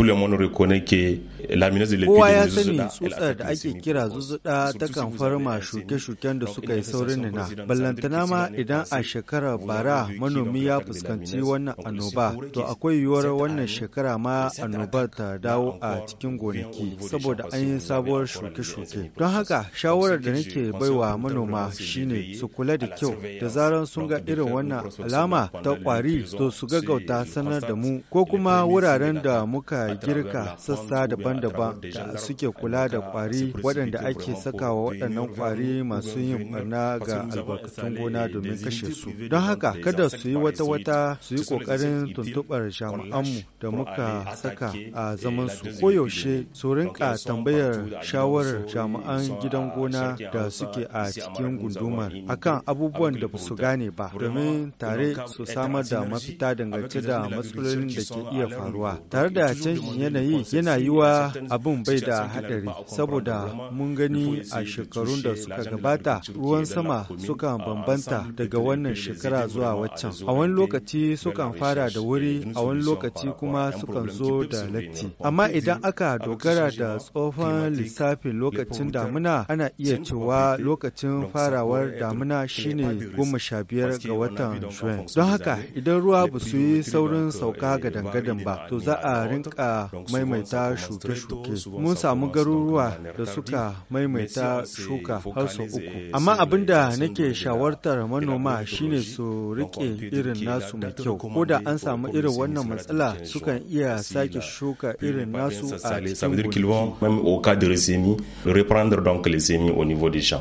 Sule na ke laminazi lafi da ya sani tsutsar da ake kira zuzuɗa ta kan farma shuke-shuken da suka yi saurin na Ballantana ma idan a shekara bara manomi ya fuskanci wannan annoba, to akwai yiwuwar wannan shekara ma annobar ta dawo a cikin gonaki saboda an yi sabuwar shuke-shuke. Don haka shawarar da nake baiwa manoma shine su kula da kyau da zaran sun ga irin wannan alama ta kwari to su gaggauta sanar da mu ko kuma wuraren da muka girka sassa daban-daban da suke kula da kwari waɗanda ake sakawa waɗannan kwari masu yin barna ga albarkatun gona domin kashe su. Don haka kada su yi wata-wata su yi ƙoƙarin tuntuɓar jami'anmu da muka saka a zaman su koyaushe su rinka tambayar shawarar jami'an gidan gona da suke a cikin gundumar akan abubuwan da su gane ba domin tare su samar da mafita dangance da matsalolin da ke iya faruwa tare da canjin yanayi yana yi wa abin bai da hadari saboda mun gani a shekarun da suka gabata ruwan sama sukan bambanta daga wannan shekara zuwa waccan a wani lokaci sukan fara da wuri a wani lokaci kuma sukan zo da latti amma idan aka dogara da tsohon lissafin lokacin damuna ana iya cewa lokacin farawar damuna shine goma sha biyar ga watan juin don haka idan ruwa ba su yi saurin sauka ga dangadan ba to za a rinka rika maimaita shuke-shuke mun samu garuruwa da suka maimaita shuka har sau uku amma abin da nake shawartar manoma shine su rike irin nasu mai kyau ko da an samu irin wannan matsala sukan iya sake shuka irin nasu a cikin